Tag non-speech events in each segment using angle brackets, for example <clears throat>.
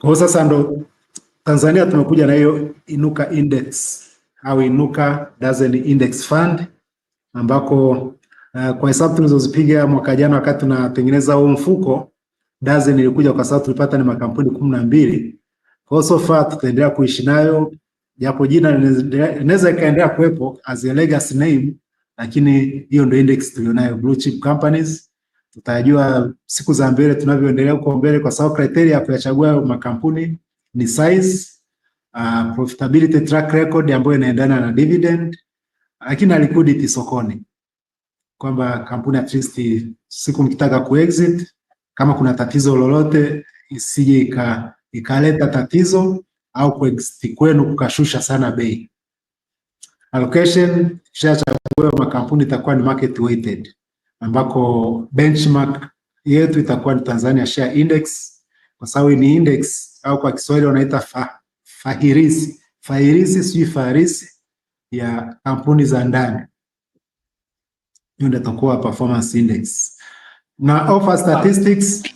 Kwa sasa ndo Tanzania tumekuja na hiyo Inuka Index au Inuka Dozen Index Fund ambako uh, kwa hesabu tulizozipiga mwaka jana wakati tunatengeneza huo mfuko dozen ilikuja kwa sababu tulipata ni makampuni kumi na mbili. Kwa hiyo so far tutaendelea kuishi nayo japo jina linaweza ikaendelea kuwepo as a legacy name, lakini hiyo ndio index tulionayo blue chip companies tutajua siku za mbele tunavyoendelea huko mbele, kwa sababu criteria ya kuyachagua makampuni ni size, uh, profitability track record ambayo inaendana na dividend, lakini na liquidity sokoni, kwamba kampuni at least siku mkitaka ku exit, kama kuna tatizo lolote isije ika, ikaleta tatizo au ku exit kwenu kukashusha sana bei. Allocation share cha makampuni itakuwa ni market weighted ambako benchmark yetu itakuwa ni Tanzania Share Index, kwa sababu ni index au kwa Kiswahili wanaita fa, fahirisi fahirisi sijui fahirisi ya kampuni za ndani. Hiyo ndio itakuwa performance index na offer statistics.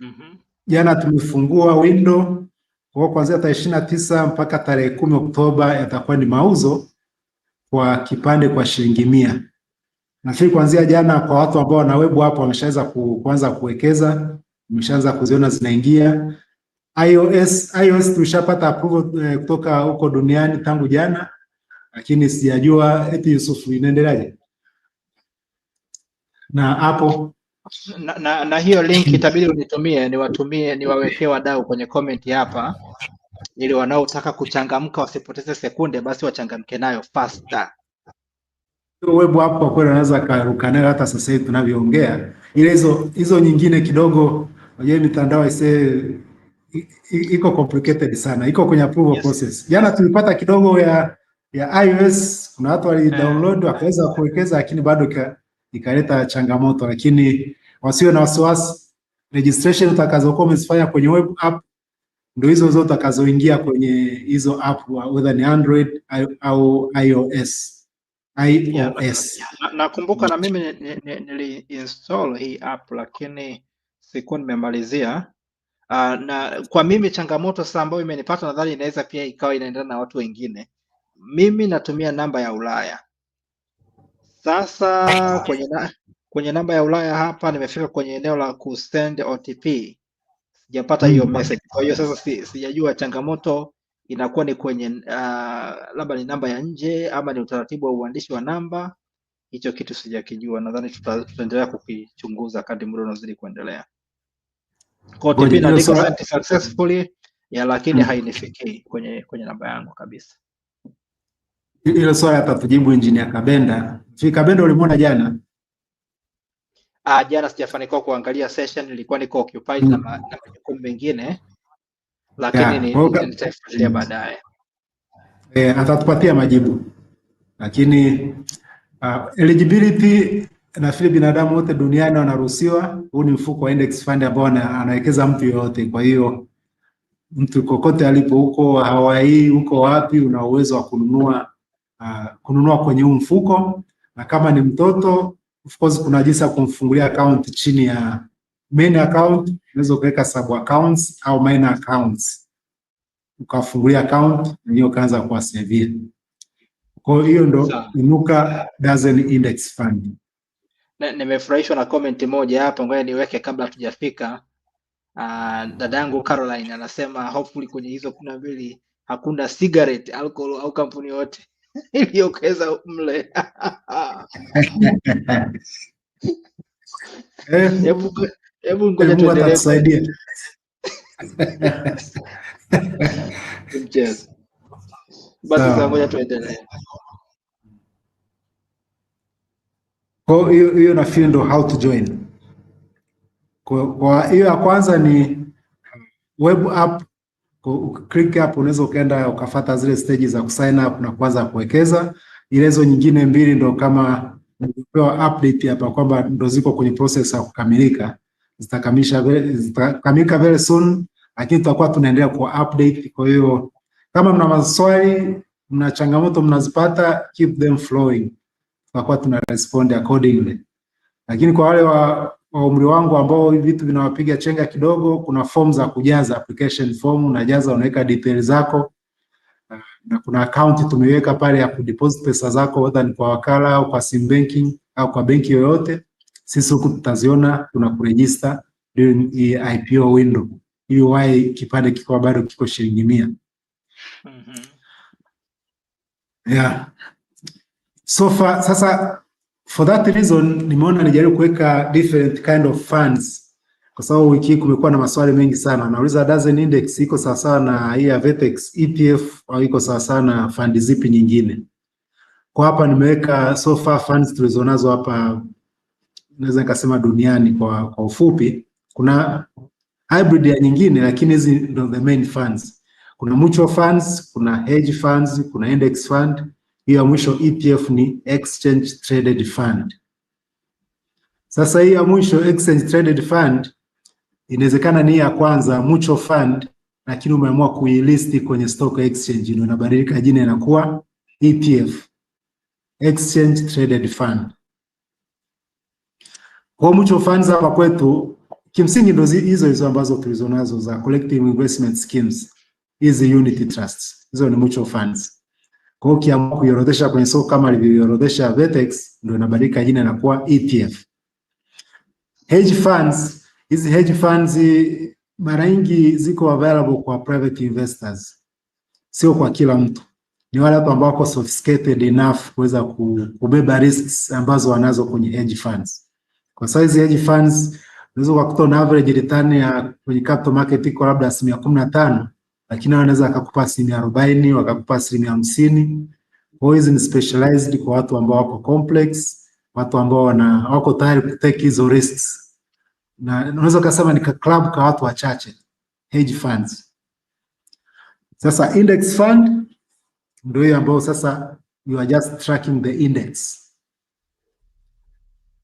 Mm-hmm. Jana mm -hmm. tumefungua window kwa kuanzia tarehe ishirini na tisa mpaka tarehe kumi Oktoba yatakuwa ni mauzo kwa kipande kwa shilingi mia. Nafikiri kuanzia jana kwa watu ambao wana webu hapo wameshaweza kuanza kuwekeza, wameshaanza kuziona zinaingia. iOS iOS tumeshapata approval eh, kutoka huko duniani tangu jana, lakini sijajua eti Yusuf inaendeleaje na hapo na, na, na hiyo link itabidi unitumie niwatumie niwawekee wadau kwenye comment hapa, ili wanaotaka kuchangamka wasipoteze sekunde, basi wachangamke nayo faster web hapo kwa kweli anaweza karuka nayo hata sasa hivi tunavyoongea, ile hizo hizo nyingine kidogo, unajua mitandao ise iko complicated sana, iko kwenye approval yes, process. Jana tulipata kidogo ya ya iOS, kuna watu wali eh. download yeah. wakaweza kuwekeza, lakini bado ikaleta changamoto, lakini wasiwe na wasiwasi, registration utakazokuwa umezifanya kwenye web app ndio hizo zote utakazoingia kwenye hizo app, whether ni Android au iOS iOS. Nakumbuka na, na mimi niliinstall hii app lakini sikuwa nimemalizia. Uh, na kwa mimi changamoto sasa ambayo imenipata nadhani inaweza pia ikawa inaendana na watu wengine. Mimi natumia namba ya Ulaya. Sasa kwenye, na, kwenye namba ya Ulaya hapa nimefika kwenye eneo la kusend OTP sijapata hiyo hmm. message, kwa hiyo sasa si, sijajua changamoto inakuwa ni kwenye uh, labda ni namba ya nje ama ni utaratibu wa uandishi wa namba. Hicho kitu sijakijua, nadhani tutaendelea kukichunguza kadri muda unazidi kuendelea. Successfully ya lakini hmm, hainifikii kwenye kwenye namba yangu kabisa. Hilo swali hapa tujibu engineer Kabenda. Fi Kabenda ulimwona jana? Ah, jana sijafanikiwa kuangalia session, nilikuwa niko occupied hmm, na majukumu mengine lakini yeah, nitaifuatilia mm. baadaye. E, atatupatia majibu lakini uh, eligibility nafikiri binadamu wote duniani wanaruhusiwa. Huu ni mfuko wa index fund ambao anawekeza mtu yoyote, kwa hiyo mtu kokote alipo huko Hawaii, huko wapi, una uwezo wa kununua uh, kununua kwenye huu mfuko, na kama ni mtoto of course kuna jinsi ya kumfungulia account chini ya main account, unaweza ukaweka sub accounts au minor accounts, ukafungulia account na hiyo kaanza ukaanza kuwasevia. Kwa hiyo ndo Inuka Dozen Index Fund. Nimefurahishwa na comment moja hapa, ngoja niweke kabla hatujafika. Uh, dadangu Caroline anasema hopefully kwenye hizo kumi na mbili hakuna cigarette, alcohol au kampuni yote <laughs> iliyokeza mle. <laughs> Eh. Hebu Hebu ngoja tuendelee. <laughs> hiyo nafikiri ndo how to join. Kwa hiyo ya kwanza ni uh, web app, click hapo, unaweza ukaenda ukafata zile stage za kusign up na kwanza kuwekeza. Ilezo nyingine mbili ndo kama nilipewa update hapa kwamba ndo ziko kwenye process ya kukamilika zitakamilika very, zitakamilika very soon, lakini tutakuwa tunaendelea ku update. Kwa hiyo kama mna maswali, mna changamoto mnazipata, keep them flowing, tutakuwa tuna respond accordingly. Lakini kwa wale wa wa umri wangu ambao vitu vinawapiga chenga kidogo, kuna form za kujaza, application form unajaza, unaweka details zako na kuna account tumeweka pale ya kudeposit pesa zako, whether ni kwa wakala au kwa sim banking au kwa benki yoyote. Sisi huku tutaziona, tunakurejista kurejista IPO window hiyo, wahi kipande kikiwa bado kiko shilingi mia. mm -hmm. Yeah. So far, sasa for that reason nimeona nijaribu kuweka different kind of funds kwa sababu wiki hii kumekuwa na maswali mengi sana. nauliza dozen Index iko sawa sawa na hii ya Vetex ETF au iko sawa sawa na fund zipi nyingine? Kwa hapa nimeweka so far funds tulizonazo hapa naweza nikasema duniani kwa, kwa ufupi. Kuna hybrid ya nyingine, lakini hizi ndio the main funds. Kuna mutual funds, kuna hedge funds, kuna index fund. Hiyo ya mwisho ETF ni exchange traded fund. Sasa hii ya mwisho exchange traded fund inawezekana ni ya kwanza mutual fund, lakini umeamua kuilist kwenye stock exchange, ndio inabadilika jina inakuwa ETF, exchange traded fund. Kwa mutual funds hapa kwetu kimsingi ndo hizo hizo ambazo tulizonazo za collective investment schemes, hizi unity trusts, hizo ni mutual funds. Kwa hiyo ukiamua kuiorodhesha kwenye soko kama lilivyoorodhesha Vetex, ndo inabadilika jina na kuwa ETF. Hedge funds, hizi hedge funds mara nyingi ziko available kwa private investors, sio kwa kila mtu. Ni wale ambao wako sophisticated enough kuweza kubeba risks ambazo wanazo kwenye hedge funds. Kwa size hedge funds unaweza kukuta una average return ya kwenye capital market iko labda asilimia kumi na tano lakini wanaweza akakupa asilimia arobaini wakakupa asilimia hamsini Kwa hizi ni specialized kwa watu ambao wako complex, watu ambao wana wako tayari take hizo risks, na unaweza kusema ni ka club kwa watu wachache hedge funds. Sasa index fund ndio hiyo ambao sasa you are just tracking the index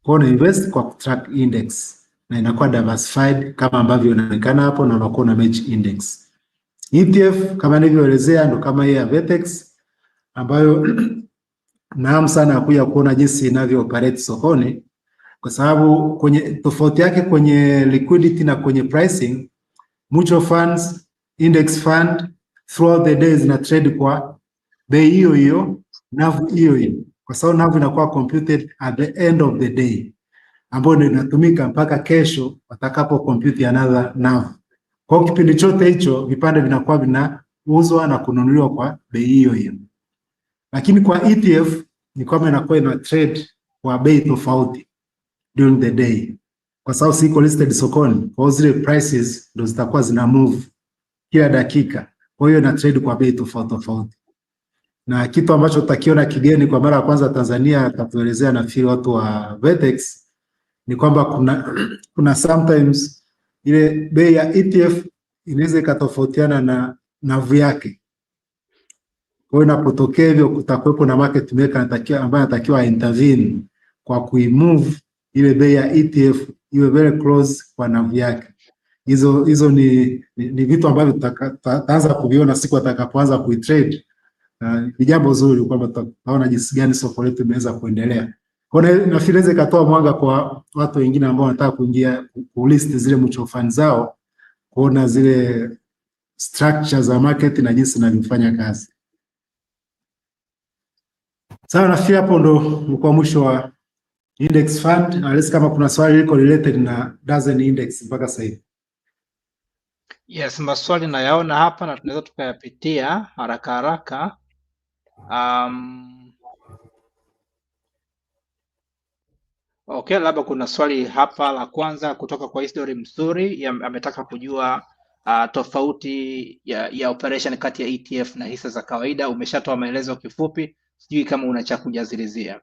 kwa hiyo invest kwa track index na inakuwa diversified kama ambavyo inaonekana hapo na unakuwa na match index. ETF kama nilivyoelezea ndo kama hii ya Vetex ambayo <clears throat> naam sana kuja kuona jinsi inavyo operate sokoni kwa sababu kwenye tofauti yake kwenye liquidity na kwenye pricing, mutual funds, index fund throughout the day zina trade kwa bei hiyo hiyo, NAV hiyo hiyo kwa sababu NAV inakuwa computed at the end of the day, ambayo ndio inatumika mpaka kesho watakapo compute another NAV. Kwa kipindi chote hicho vipande vinakuwa vinauzwa na kununuliwa kwa bei hiyo hiyo, lakini kwa ETF ni kwamba inakuwa ina trade kwa bei tofauti during the day, kwa sababu siko listed sokoni. Kwa zile prices ndio zitakuwa zina move kila dakika, kwa hiyo ina trade kwa bei tofauti tofauti na kitu ambacho tutakiona kigeni kwa mara ya kwanza Tanzania, akatuelezea nafikiri watu wa Vetex ni kwamba kuna, <clears throat> kuna sometimes ile bei ya ETF inaweza ikatofautiana na NAV yake. Kwa hiyo inapotokea hivyo, kutakuwepo na market maker anatakiwa ambaye anatakiwa intervene kwa kuimove ile bei ya ETF iwe very close kwa NAV yake. Hizo hizo ni, ni, ni vitu ambavyo tutaanza kuviona siku atakapoanza kuitrade ni jambo zuri kwamba tunaona jinsi gani soko letu limeweza kuendelea. Kwa na, nafikiri inaweza ikatoa mwanga kwa watu wengine ambao wanataka kuingia kulist zile mutual fund zao, kuona zile structure za market na jinsi zinavyofanya kazi. Sawa, nafikiri hapo ndo kwa mwisho wa index fund, alisi kama kuna swali liko related na dozen index mpaka sasa hivi. Yes, maswali nayaona hapa na tunaweza tukayapitia haraka haraka. Um, okay, labda kuna swali hapa la kwanza kutoka kwa Isidori Msuri, ametaka kujua uh, tofauti ya, ya operation kati ya ETF na hisa za kawaida. Umeshatoa maelezo kifupi, sijui kama una cha kujazilizia.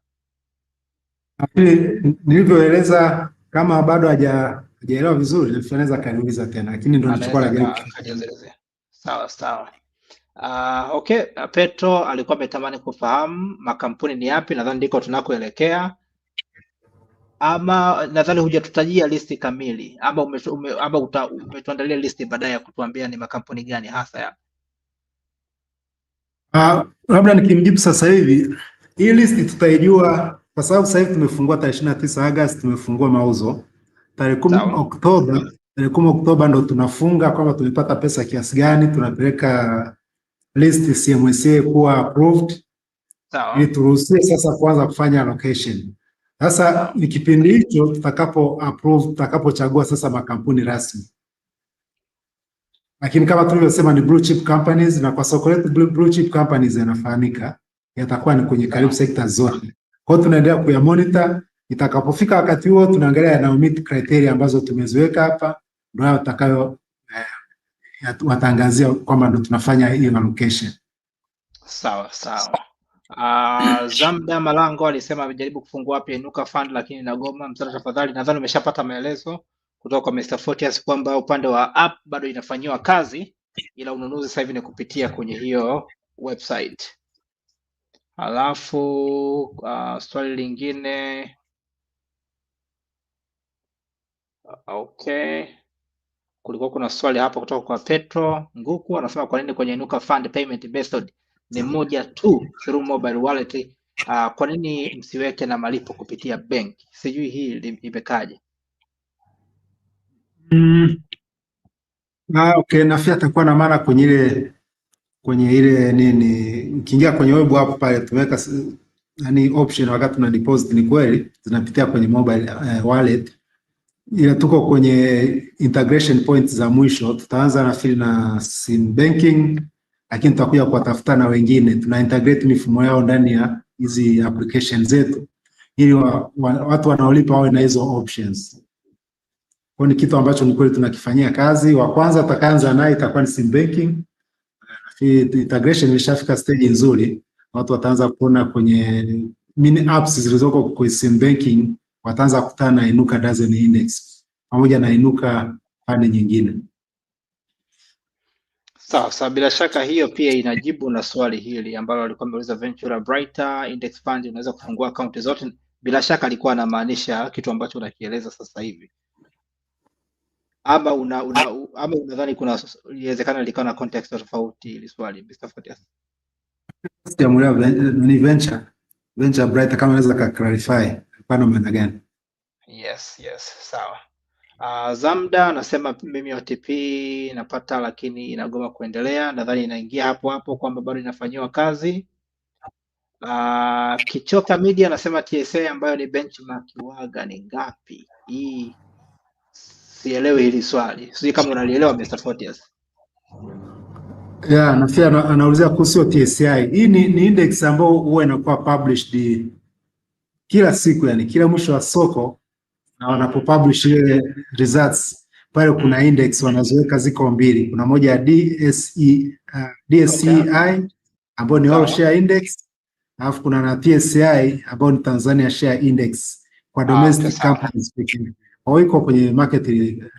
Nilivyoeleza kama bado hajaelewa vizuri, anaweza akaniuliza tena, lakini ndo nilichokuwa Sawa sawa. Uh, okay, ah, Petro alikuwa ametamani kufahamu makampuni ni yapi, nadhani ndiko tunakoelekea, ama nadhani hujatutajia listi kamili, ama umetuandalia listi baadaye ya kutuambia ni makampuni gani hasa ya ah, labda uh, nikimjibu sasa hivi hii listi tutaijua kwa sababu sasa hivi tumefungua tarehe ishirini na tisa Agosti, tumefungua mauzo tarehe kumi Oktoba, tarehe kumi Oktoba ndo tunafunga kwamba tumepata pesa kiasi gani, tunapeleka list CMSA kuwa approved ili turuhusie sasa kuanza kufanya allocation. Sasa ni kipindi hicho tutakapo approve, tutakapochagua sasa makampuni rasmi, lakini kama tulivyosema ni blue chip companies, na kwa soko letu blue chip companies yanafahamika, yatakuwa ni kwenye karibu sekta zote. Kwa hiyo tunaendelea kuya monitor, itakapofika wakati huo tunaangalia yana meet criteria ambazo tumeziweka hapa, ndio hayo tutakayo watangazia kwamba ndo tunafanya hiyo location. Sawa sawa. Uh, Zamda Malango alisema amejaribu kufungua wapi Inuka Fund lakini inagoma. Msana, tafadhali, nadhani umeshapata maelezo kutoka kwa Mr. Fortius kwamba upande wa app bado inafanyiwa kazi, ila ununuzi sasa hivi ni kupitia kwenye hiyo website. Alafu uh, swali lingine ah, okay kulikuwa kuna swali hapa kutoka kwa Petro Nguku, anasema kwa nini kwenye Inuka Fund Payment Method ni mhm. moja tu through mobile wallet? Uh, kwa nini msiweke na malipo kupitia bank? Sijui hii imekaje? Mm. Ah, okay, nafikiri atakuwa na maana kwenye ile kwenye ile nini, nikiingia kwenye web hapo pale tumeweka yani option wakati tuna deposit, ni kweli zinapitia kwenye mobile uh, wallet Mm ila tuko kwenye integration point za mwisho. Tutaanza na fili na sim banking, lakini tutakuja kuwatafuta na wengine, tuna integrate mifumo yao ndani ya hizi application zetu ili wa, wa, watu wanaolipa wawe na hizo options. Kwa ni kitu ambacho ni kweli tunakifanyia kazi. Wa kwanza takaanza naye itakuwa ni sim banking. Integration imeshafika stage nzuri, watu wataanza kuona kwenye mini apps zilizoko kwa sim banking wataanza kukutana na inuka dozen index pamoja na inuka pande nyingine. Sawa sawa, bila shaka hiyo pia inajibu na swali hili ambalo alikuwa ameuliza Ventura Brighter Index Fund unaweza kufungua akaunti zote. Bila shaka alikuwa anamaanisha kitu ambacho unakieleza sasa hivi, ama una, una, ama unadhani kuna inawezekana likawa na context tofauti hili swali, Mr. Fortius? Venture Brighter, kama unaweza ka clarify Pana maana gani? Yes, yes, sawa. Uh, Zamda anasema mimi OTP napata lakini inagoma kuendelea, nadhani inaingia hapo hapo kwamba bado inafanyiwa kazi. Uh, Kichoka Media anasema TSA ambayo ni benchmark waga ni ngapi? Hii sielewi hili swali, sijui kama unalielewa Mr. Fortius. Yeah, nafikiri anaulizia kuhusu TSI. Hii ni, ni index ambayo huwa inakuwa published kila siku, yani kila mwisho wa soko na wanapopublish ile results pale, kuna index wanazoweka ziko mbili, kuna moja ya DSE, uh, DSCI e ambayo ni All Share Index, alafu kuna na TSCI e ambayo ni Tanzania Share Index kwa ah, domestic ah, companies pekee. au iko kwenye market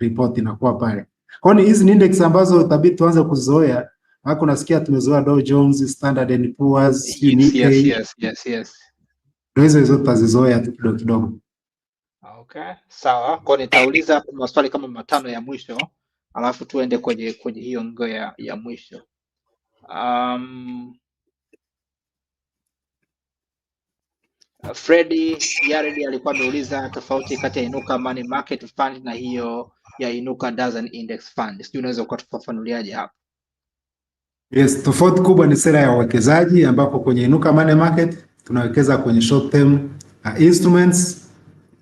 report inakuwa pale. Kwa hiyo hizi ni index ambazo tabii tuanze kuzoea, hako nasikia tumezoea Dow Jones, Standard and Poor's, yes, yes, yes, yes ndo hizo hizo tutazizoea tu kidogo kidogo. Ah, okay, sawa. Kwa nitauliza maswali kama matano ya mwisho alafu tuende kwenye kwenye hiyo ngo ya, ya mwisho um, Fredi Yaredi alikuwa ameuliza tofauti kati ya inuka money market fund na hiyo ya inuka dozen index fund. Sijui unaweza ukatufafanuliaje hapo? Yes, tofauti kubwa ni sera ya uwekezaji ambapo kwenye inuka money market tunawekeza kwenye short term uh, instruments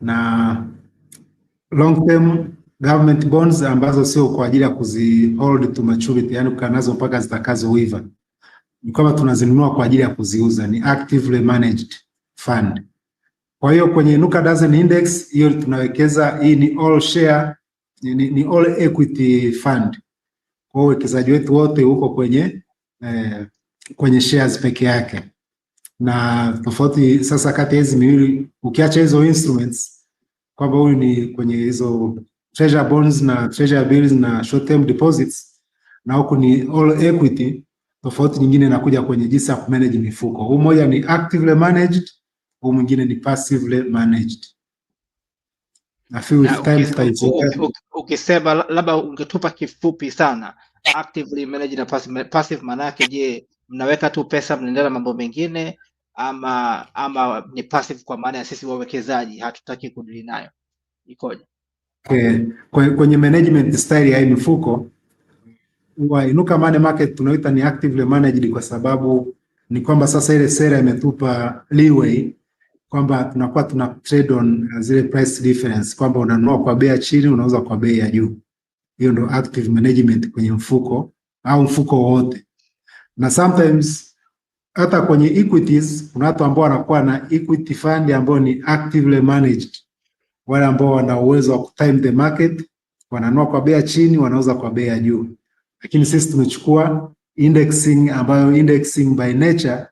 na long term government bonds ambazo sio kwa ajili ya kuzi hold to maturity, yani kukaa nazo mpaka zitakazoiva. Ni kama tunazinunua kwa ajili ya kuziuza, ni actively managed fund. Kwa hiyo kwenye Nuka Dozen Index hiyo tunawekeza, hii ni all share, ni, ni all equity fund. Kwa hiyo uwekezaji wetu wote uko kwenye eh, kwenye shares peke yake na tofauti sasa kati ya hizi miwili ukiacha hizo instruments kwamba huyu ni kwenye hizo treasure bonds na treasure bills na short term deposits, na huku ni all equity. Tofauti nyingine inakuja kwenye jinsi ya kumanage mifuko. Huu moja ni actively managed, huu mwingine ni passively managed. Na few times ukisema labda ungetupa kifupi sana actively managed na passive, passive maana je, mnaweka tu pesa mnaendelea na mambo mengine ama ama ni passive kwa maana ya sisi wawekezaji hatutaki kudili nayo ikoje? Okay. Kwenye management style ya mifuko wa Inuka Money Market tunaita ni actively managed, kwa sababu ni kwamba sasa ile sera imetupa leeway kwamba tunakuwa tuna trade on uh, zile price difference, kwamba unanunua kwa bei ya chini, unauza kwa bei ya juu. Hiyo ndio active management kwenye mfuko au mfuko wote, na sometimes hata kwenye equities kuna watu ambao wanakuwa na equity fund ambao ni actively managed, wale ambao wana uwezo wa time the market, wananua kwa bei chini, wanauza kwa bei juu. Lakini sisi tumechukua indexing, ambayo indexing by nature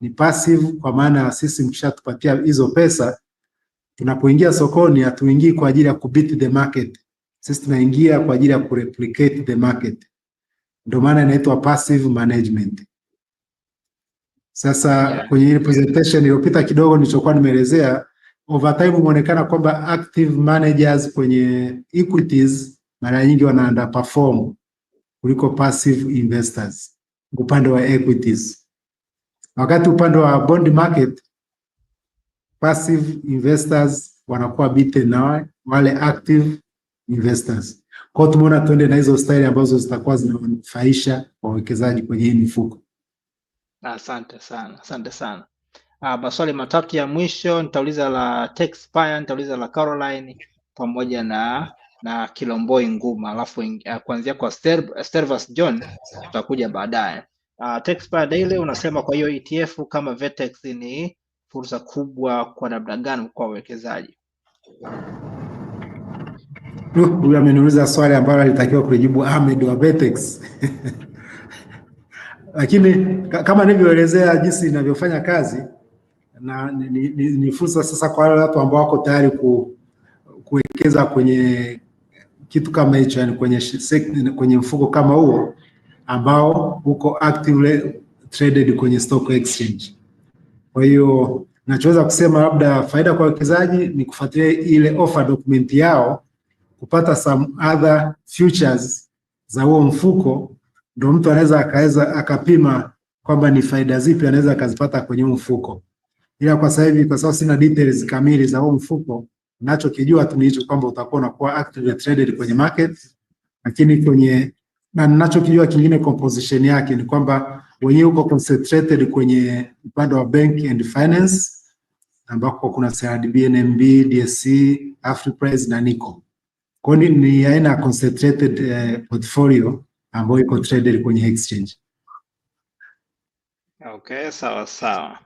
ni passive, kwa maana sisi mkishatupatia hizo pesa, tunapoingia sokoni hatuingii kwa ajili ya kubit the market, sisi tunaingia kwa ajili ya kureplicate the market, ndio maana inaitwa passive management. Sasa yeah. kwenye ile presentation iliyopita kidogo nilichokuwa nimeelezea, overtime, time umeonekana kwamba active managers kwenye equities mara nyingi wana underperform kuliko passive investors upande wa equities, wakati upande wa bond market passive investors wanakuwa beaten na wale active investors. Kwa hiyo tumeona tuende na hizo style ambazo zitakuwa zinanufaisha wawekezaji kwenye hii mifuko. Asante sana, asante sana. Ah, maswali matatu ya mwisho nitauliza la Texpire, nitauliza la Caroline pamoja na na Kilomboi Nguma, alafu uh, kuanzia kwa Stervas John tutakuja baadaye. Uh, ah, Texpire Daily unasema kwa hiyo ETF kama Vetex ni fursa kubwa kwa namna gani kwa wawekezaji? Huyu ameniuliza swali ambalo alitakiwa kulijibu Ahmed wa Vetex <laughs> Lakini kama nilivyoelezea jinsi inavyofanya kazi na ni, ni, ni fursa sasa kwa wale watu ambao wako tayari ku, kuwekeza kwenye kitu kama hicho, yani kwenye, kwenye mfuko kama huo ambao uko actively traded kwenye stock exchange. Kwa hiyo nachoweza kusema labda faida kwa wawekezaji ni kufuatilia ile offer document yao kupata some other futures za huo mfuko ndio mtu anaweza akaweza akapima kwamba ni faida zipi anaweza akazipata kwenye huu mfuko. Ila kwa sasa hivi, kwa sababu sina details kamili za huu mfuko, ninachokijua tu ni hicho kwamba utakuwa unakuwa actively traded kwenye market, lakini kwenye na ninachokijua kingine composition yake ni kwamba wenyewe uko concentrated kwenye upande wa bank and finance ambako kuna CRDB, NMB, DSC, Afriprice na Nico. Kwa hiyo ni aina ya concentrated eh, portfolio ambayo iko traded kwenye exchange. Okay, sawa sawa.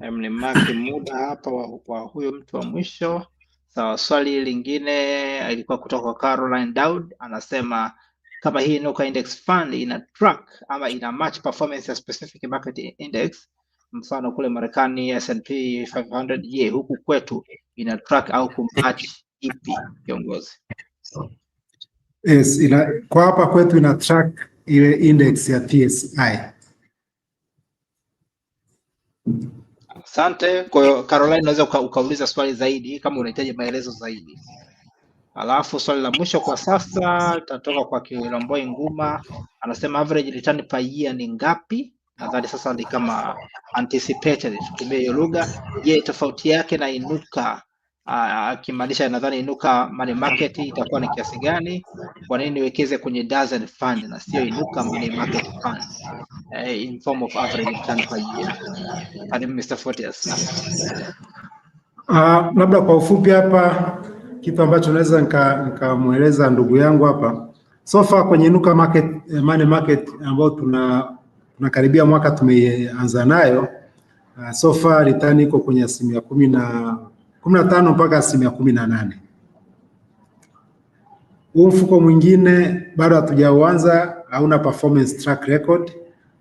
Ni mark <coughs> muda hapa kwa huyo mtu wa mwisho. Sawa, swali lingine eh, ilikuwa kutoka kwa Caroline Daud, anasema kama hii Inuka Index Fund ina track ama ina match performance ya specific market index, mfano kule Marekani S&P 500, je, huku kwetu ina track au kumatch ipi, kiongozi? Yes, ina, kwa hapa kwetu ina track ile index ya TSI. Asante. Kwa hiyo Caroline, unaweza ukauliza swali zaidi kama unahitaji maelezo zaidi. Alafu swali la mwisho kwa sasa tatoka kwa Kilamboi Nguma, anasema average return per year ni ngapi? Nadhani sasa ni kama anticipated, tutumie hiyo lugha. Je, tofauti yake na inuka akimaanisha nadhani inuka money market itakuwa ni kiasi gani, kwa nini niwekeze kwenye dozen fund na sio inuka money market fund uh, in form of average return per year. Karibu Mr. Fortius. Uh, labda kwa ufupi hapa kitu ambacho naweza nikamweleza nika ndugu yangu hapa so far kwenye inuka market, eh, money market ambayo tuna tunakaribia mwaka tumeanza nayo uh, so far return iko kwenye asilimia kumi na kumi na tano mpaka asilimia kumi na nane. Huu mfuko mwingine bado hatujauanza, hauna performance track record,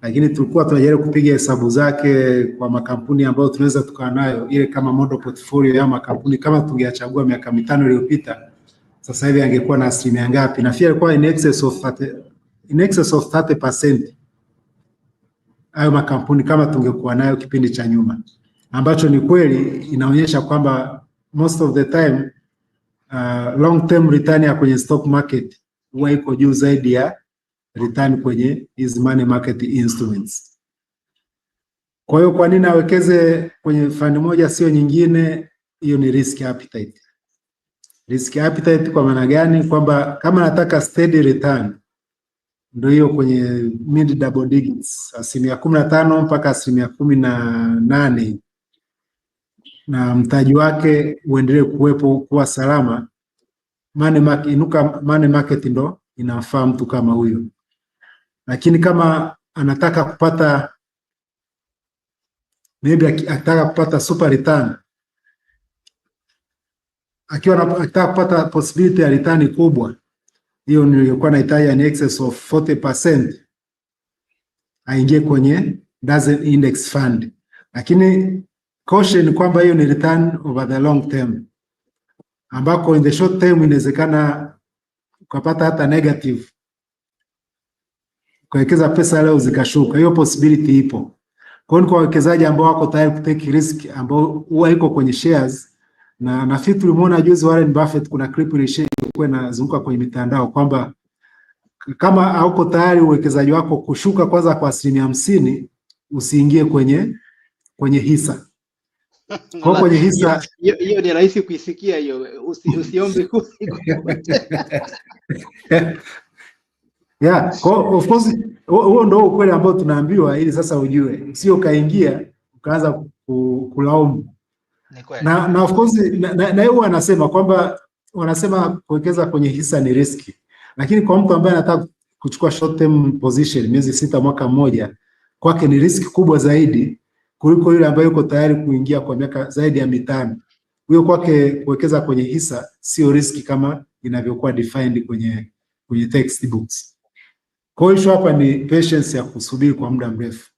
lakini tulikuwa tunajaribu kupiga hesabu zake kwa makampuni ambayo tunaweza tukawa nayo ile kama model portfolio ya makampuni. Kama tungeachagua miaka mitano iliyopita, sasa hivi angekuwa na asilimia ngapi? Na fear alikuwa in excess of 30, in excess of 30% hayo makampuni, kama tungekuwa nayo kipindi cha nyuma ambacho ni kweli inaonyesha kwamba most of the time uh, long term return ya kwenye stock market huwa iko juu zaidi ya return kwenye hizi money market instruments. Kwa hiyo kwa nini awekeze kwenye fund moja sio nyingine? Hiyo ni risk appetite. Risk appetite kwa maana gani? Kwamba kama nataka steady return ndio hiyo kwenye mid double digits, asilimia kumi na tano mpaka asilimia kumi na nane na mtaji wake uendelee kuwepo kuwa salama. Money market, inuka money market ndo inafaa mtu kama huyo, lakini kama anataka kupata maybe anataka kupata super return akiwa anataka kupata possibility ya return kubwa, hiyo niliyokuwa nahitaji ni excess of 40%, aingie kwenye doesn't Index Fund, lakini Caution kwamba hiyo ni return over the long term, ambako in the short term inawezekana ukapata hata negative, ukawekeza pesa leo zikashuka, hiyo possibility ipo. Kwa hiyo kwa wawekezaji ambao wako tayari take risk, ambao huwa iko kwenye shares na nafikiri tulimuona juzi Warren Buffett, kuna clip ilikuwa inazunguka kwenye mitandao kwamba kama hauko tayari uwekezaji wako kushuka kwanza kwa asilimia hamsini usiingie kwenye kwenye hisa hiyo ni rahisi kuisikia hiyo, usiombe <laughs> <laughs> yeah, of course huo ndo ukweli ambao tunaambiwa ili sasa ujue, sio ukaingia ukaanza kulaumu. Na, na of course na, na, na anasema kwamba wanasema kuwekeza kwenye hisa ni riski, lakini kwa mtu ambaye anataka kuchukua short term position miezi sita mwaka mmoja, kwake ni riski kubwa zaidi kuliko yule ambaye yuko tayari kuingia kwa miaka zaidi ya mitano. Huyo kwake kuwekeza kwenye hisa sio riski kama inavyokuwa defined kwenye kwenye textbooks. Kwa hiyo hapa ni patience ya kusubiri kwa muda mrefu.